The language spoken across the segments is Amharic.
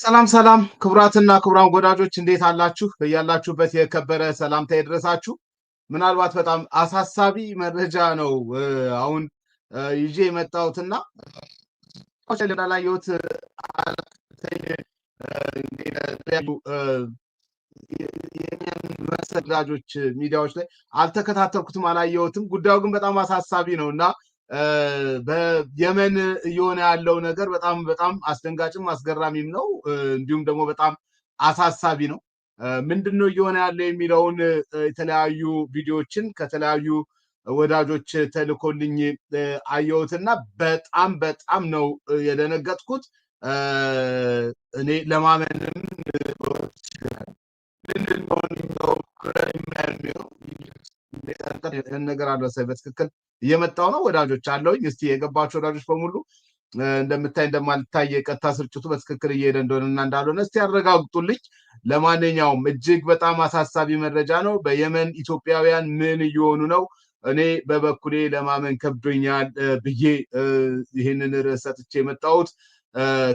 ሰላም ሰላም ክቡራትና ክቡራን ወዳጆች እንዴት አላችሁ? ያላችሁበት የከበረ ሰላምታ የደረሳችሁ። ምናልባት በጣም አሳሳቢ መረጃ ነው አሁን ይዤ የመጣሁትና ላየሁት ወዳጆች ሚዲያዎች ላይ አልተከታተልኩትም፣ አላየሁትም። ጉዳዩ ግን በጣም አሳሳቢ ነው እና በየመን እየሆነ ያለው ነገር በጣም በጣም አስደንጋጭም አስገራሚም ነው። እንዲሁም ደግሞ በጣም አሳሳቢ ነው። ምንድን ነው እየሆነ ያለው የሚለውን የተለያዩ ቪዲዮዎችን ከተለያዩ ወዳጆች ተልኮልኝ አየሁትና በጣም በጣም ነው የደነገጥኩት። እኔ ለማመንም ነገር አድረሰ በትክክል እየመጣው ነው ወዳጆች አለውኝ። እስቲ የገባችሁ ወዳጆች በሙሉ እንደምታይ እንደማልታይ የቀጥታ ስርጭቱ በትክክል እየሄደ እንደሆነና እንዳልሆነ እስቲ ያረጋግጡልኝ። ለማንኛውም እጅግ በጣም አሳሳቢ መረጃ ነው። በየመን ኢትዮጵያውያን ምን እየሆኑ ነው? እኔ በበኩሌ ለማመን ከብዶኛል ብዬ ይህንን ርዕስ ሰጥቼ የመጣሁት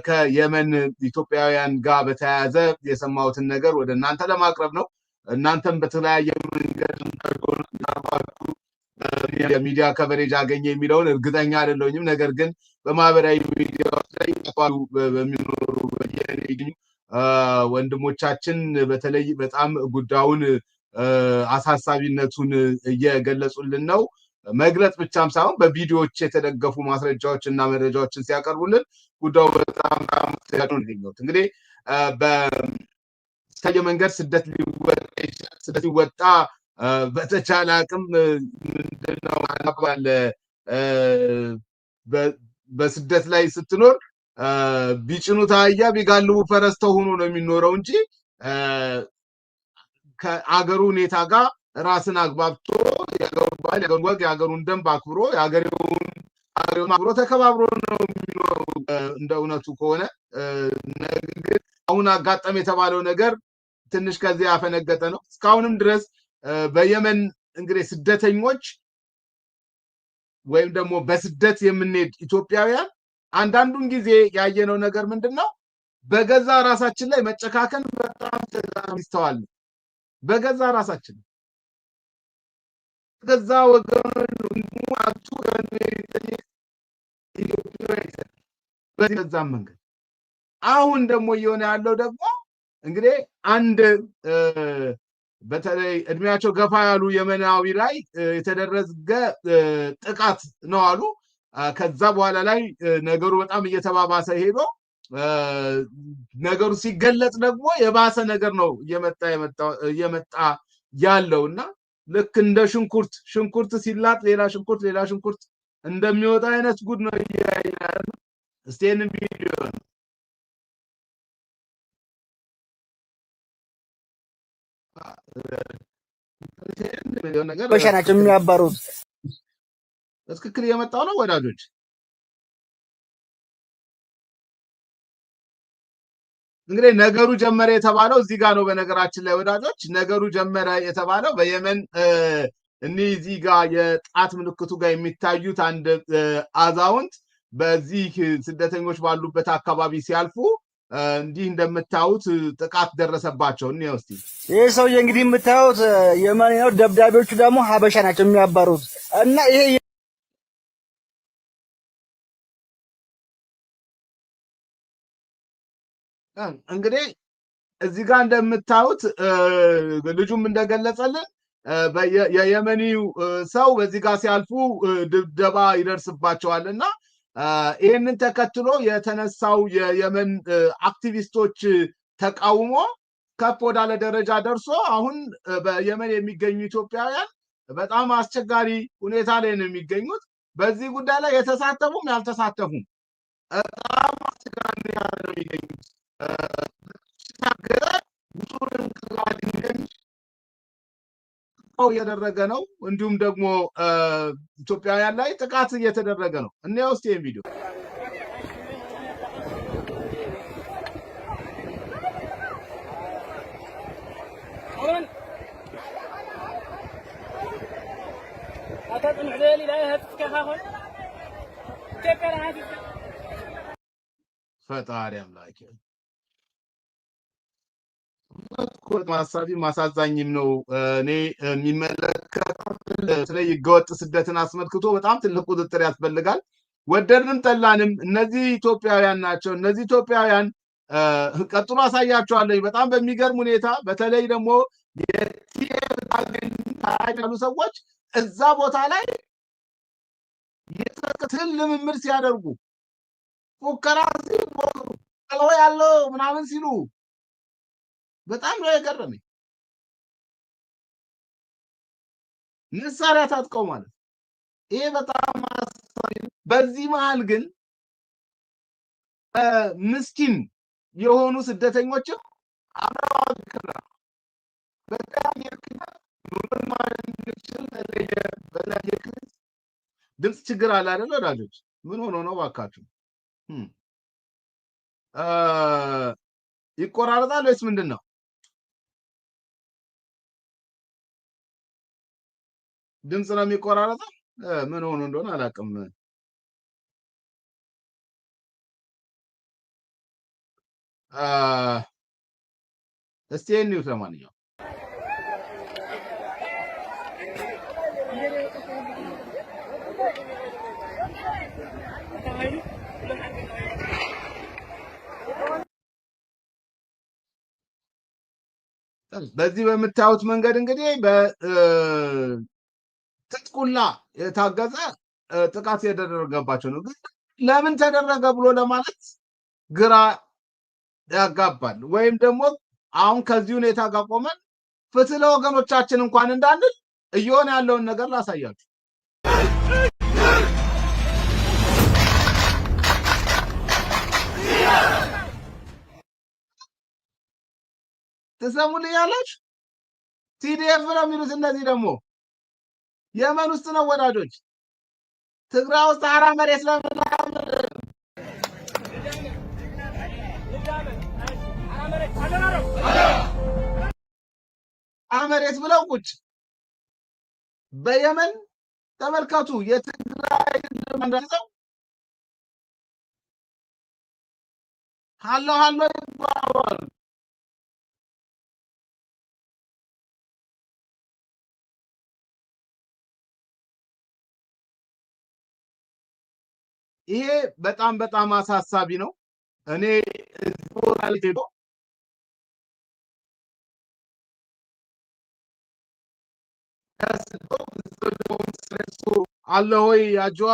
ከየመን ኢትዮጵያውያን ጋር በተያያዘ የሰማሁትን ነገር ወደ እናንተ ለማቅረብ ነው። እናንተም በተለያየ መንገድ የሚዲያ ከቨሬጅ አገኘ የሚለውን እርግጠኛ አይደለሁኝም። ነገር ግን በማህበራዊ ሚዲያዎች ላይ ተቋሉ በሚኖሩ በየሚገኙ ወንድሞቻችን በተለይ በጣም ጉዳዩን አሳሳቢነቱን እየገለጹልን ነው። መግለጽ ብቻም ሳይሆን በቪዲዮዎች የተደገፉ ማስረጃዎች እና መረጃዎችን ሲያቀርቡልን ጉዳዩ በጣም ያገኘት እንግዲህ በተለየ መንገድ ስደት ሊወጣ በተቻለ አቅም ምንድነው በስደት ላይ ስትኖር ቢጭኑት አህያ ቢጋልቡ ፈረስ ተሆኖ ነው የሚኖረው እንጂ ከአገሩ ሁኔታ ጋር ራስን አግባብቶ የአገሩን ባህል፣ የአገሩን ወግ፣ የአገሩን ደንብ አክብሮ የአገሬውን አክብሮ ተከባብሮ ነው የሚኖረው እንደ እውነቱ ከሆነ። አሁን አጋጠም የተባለው ነገር ትንሽ ከዚያ ያፈነገጠ ነው። እስካሁንም ድረስ በየመን እንግዲህ ስደተኞች ወይም ደግሞ በስደት የምንሄድ ኢትዮጵያውያን አንዳንዱን ጊዜ ያየነው ነገር ምንድን ነው? በገዛ ራሳችን ላይ መጨካከን በጣም ይስተዋል። በገዛ ራሳችን ገዛ ወገኑቱ መንገድ አሁን ደግሞ እየሆነ ያለው ደግሞ እንግዲህ አንድ በተለይ እድሜያቸው ገፋ ያሉ የመናዊ ላይ የተደረገ ጥቃት ነው አሉ። ከዛ በኋላ ላይ ነገሩ በጣም እየተባባሰ ሄዶ ነገሩ ሲገለጽ ደግሞ የባሰ ነገር ነው እየመጣ ያለው እና ልክ እንደ ሽንኩርት ሽንኩርት ሲላጥ ሌላ ሽንኩርት ሌላ ሽንኩርት እንደሚወጣ አይነት ጉድ ነው። እስቲ ስቴን ቪዲዮ ነው የሚያባሩት በትክክል የመጣው ነው ወዳጆች። እንግዲህ ነገሩ ጀመረ የተባለው እዚህ ጋር ነው። በነገራችን ላይ ወዳጆች ነገሩ ጀመረ የተባለው በየመን እኒህ እዚህ ጋር የጣት ምልክቱ ጋር የሚታዩት አንድ አዛውንት በዚህ ስደተኞች ባሉበት አካባቢ ሲያልፉ እንዲህ እንደምታዩት ጥቃት ደረሰባቸው። እኔ ይህ ሰውዬ እንግዲህ የምታዩት የማን ነው? ደብዳቤዎቹ ደግሞ ሀበሻ ናቸው የሚያባሩት እና ይሄ እንግዲህ እዚህ ጋር እንደምታዩት ልጁም እንደገለጸልን የየመኒው ሰው በዚህ ጋር ሲያልፉ ድብደባ ይደርስባቸዋል እና ይህንን ተከትሎ የተነሳው የየመን አክቲቪስቶች ተቃውሞ ከፍ ወዳለ ደረጃ ደርሶ አሁን በየመን የሚገኙ ኢትዮጵያውያን በጣም አስቸጋሪ ሁኔታ ላይ ነው የሚገኙት። በዚህ ጉዳይ ላይ የተሳተፉም ያልተሳተፉም በጣም አስቸጋሪ ሁኔታ ነው የሚገኙት። ሲታገረ ብዙ እንቅፋት እንደሚች ው እየደረገ ነው። እንዲሁም ደግሞ ኢትዮጵያውያን ላይ ጥቃት እየተደረገ ነው። እኔ ውስጥ ይህም ቪዲዮ ፈጣሪ አምላኬ በኩል አሳቢም ማሳዛኝም ነው። እኔ የሚመለከታል ስለ ህገወጥ ስደትን አስመልክቶ በጣም ትልቅ ቁጥጥር ያስፈልጋል። ወደድንም ጠላንም እነዚህ ኢትዮጵያውያን ናቸው። እነዚህ ኢትዮጵያውያን ቀጥሎ አሳያቸዋለኝ። በጣም በሚገርም ሁኔታ በተለይ ደግሞ ያሉ ሰዎች እዛ ቦታ ላይ የትል ልምምድ ሲያደርጉ ፉከራ ያለው ምናምን ሲሉ በጣም ነው የገረመኝ። መሳሪያ ታጥቀው ማለት ይሄ በጣም በዚህ መሀል ግን ምስኪን የሆኑ ስደተኞችም አብረው በጣም የክና ኑሮን ማንችል ተለየ በላየ ድምፅ ችግር አለ አይደል? ወዳጆች ምን ሆኖ ነው ባካችሁ? ይቆራረጣል ወይስ ምንድን ነው? ድምፅ ነው የሚቆራረጠው። ምን ሆኖ እንደሆነ አላውቅም። እስቲ ኒውስ ለማንኛውም በዚህ በምታዩት መንገድ እንግዲህ ትጥቁና የታገዘ ጥቃት የተደረገባቸው ነው። ግን ለምን ተደረገ ብሎ ለማለት ግራ ያጋባል። ወይም ደግሞ አሁን ከዚህ ሁኔታ ጋር ቆመን ፍትህ ለወገኖቻችን እንኳን እንዳንል እየሆነ ያለውን ነገር ላሳያችሁ። ትሰሙልኛላችሁ? ቲዲኤፍ ነው የሚሉት እነዚህ ደግሞ የመን ውስጥ ነው ወዳጆች። ትግራይ ውስጥ አራ መሬት አመሬት ብለው ቁጭ በየመን ተመልከቱ። የትግራይ ሰው ሀሎ ሀሎ ይባባሉ። ይሄ በጣም በጣም አሳሳቢ ነው። እኔ አለ ሆይ አጅዋ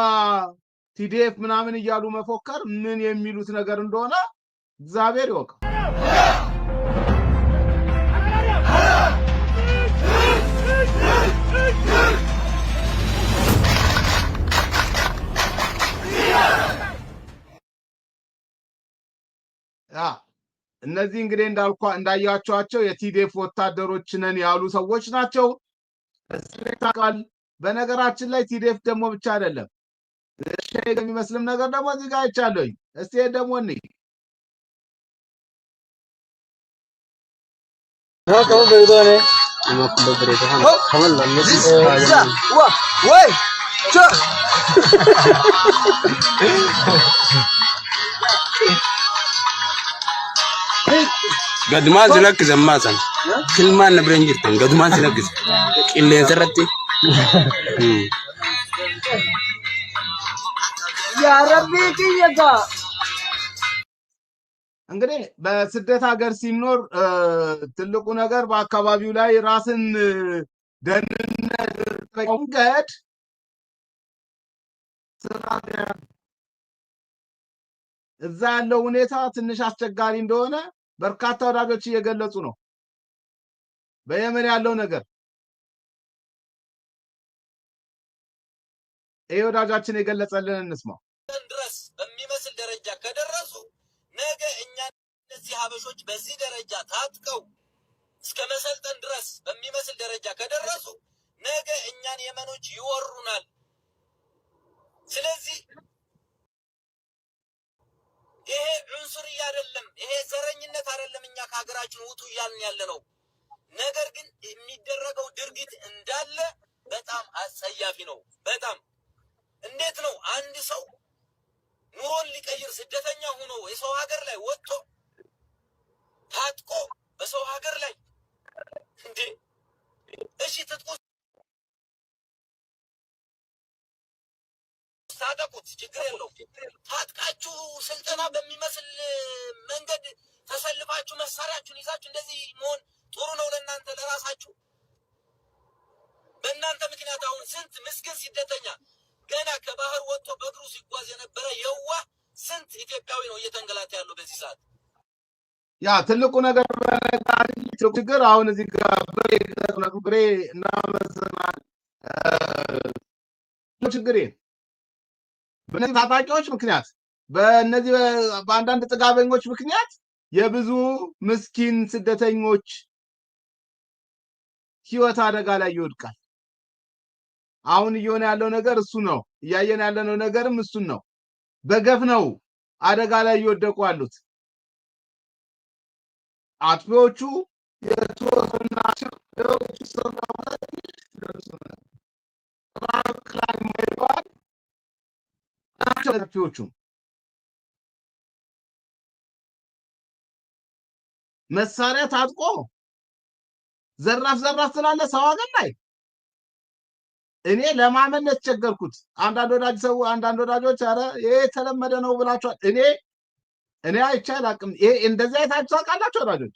ቲዲኤፍ ምናምን እያሉ መፎከር ምን የሚሉት ነገር እንደሆነ እግዚአብሔር ይወቀው። እነዚህ እንግዲህ እንዳልኳ እንዳያቸዋቸው የቲዴፍ ወታደሮች ነን ያሉ ሰዎች ናቸው። ቃል በነገራችን ላይ ቲዴፍ ደግሞ ብቻ አይደለም የሚመስልም ነገር ደግሞ እዚህ ጋር አይቻለኝ። እስቲ ደግሞ እኒ ወይ ገድማን ስነግዝ ማሰን ክልማን ነብረን ጅርተን ገድማን ስነግዝ ቅሌን ሰረቴ ያረቢ ጥየጋ እንግዲህ በስደት ሀገር ሲኖር ትልቁ ነገር በአካባቢው ላይ ራስን ደህንነት መንገድ ስራ እዛ ያለው ሁኔታ ትንሽ አስቸጋሪ እንደሆነ በርካታ ወዳጆች እየገለጹ ነው። በየመን ያለው ነገር ይህ ወዳጃችን የገለጸልን እንስማው። ድረስ በሚመስል ደረጃ ከደረሱ ነገ እኛ እነዚህ ሀበሾች በዚህ ደረጃ ታጥቀው እስከ መሰልጠን ድረስ በሚመስል ደረጃ ከደረሱ ነገ እኛን የመኖች ይወሩናል። ከቤታችን ውጡ እያልን ያለ ነው። ነገር ግን የሚደረገው ድርጊት እንዳለ በጣም አጸያፊ ነው። በጣም እንዴት ነው አንድ ሰው ኑሮን ሊቀይር ስደተኛ ሆኖ የሰው ሀገር ላይ ወጥቶ ታጥቆ በሰው ሀገር ላይ እንዴ! እሺ ትጥቁ ታጠቁት፣ ችግር የለው። ታጥቃችሁ ስልጠና በሚመስል መንገድ ተሰልፋችሁ መሳሪያችሁን ይዛችሁ እንደዚህ መሆን ጥሩ ነው ለእናንተ ለራሳችሁ። በእናንተ ምክንያት አሁን ስንት ምስኪን ስደተኛ ገና ከባህር ወጥቶ በእግሩ ሲጓዝ የነበረ የዋህ ስንት ኢትዮጵያዊ ነው እየተንገላታ ያለው በዚህ ሰዓት። ያ ትልቁ ነገር ችግር አሁን እዚህ ጋር ብሬ እናመሰናል ችግሬ በእነዚህ ታጣቂዎች ምክንያት በእነዚህ በአንዳንድ ጥጋበኞች ምክንያት የብዙ ምስኪን ስደተኞች ህይወት አደጋ ላይ ይወድቃል። አሁን እየሆነ ያለው ነገር እሱ ነው። እያየን ያለነው ነገርም እሱን ነው። በገፍ ነው አደጋ ላይ እየወደቁ አሉት። አጥፊዎቹ የተወሰኑ ናቸው። አጥፊዎቹም መሳሪያ ታጥቆ ዘራፍ ዘራፍ ስላለ ሰው ሀገር ላይ እኔ ለማመነት ቸገርኩት። አንዳንድ ወዳጅ ሰው አንዳንድ ወዳጆች አረ ይሄ የተለመደ ነው ብላችኋል። እኔ እኔ አይቼ አላውቅም። ይሄ እንደዚህ አይታችሁ ታውቃላችሁ ወዳጆች?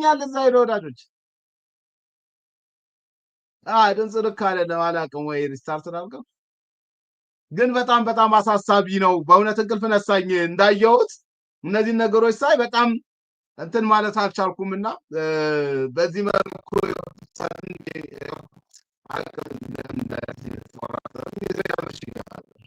ይገኛል እዛ ሄደ ወዳጆች ድምፅ ልክ አይደለም። አላውቅም ወይ ሪስታርት ላድርገው። ግን በጣም በጣም አሳሳቢ ነው በእውነት እንቅልፍ ነሳኝ። እንዳየሁት እነዚህ ነገሮች ሳይ በጣም እንትን ማለት አልቻልኩም እና በዚህ መልኩ አቅም